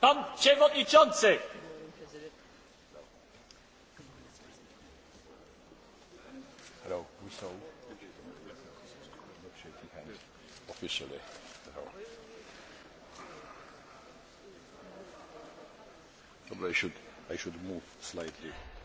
Pan przewodniczący! Hello, we I should, I should move slightly.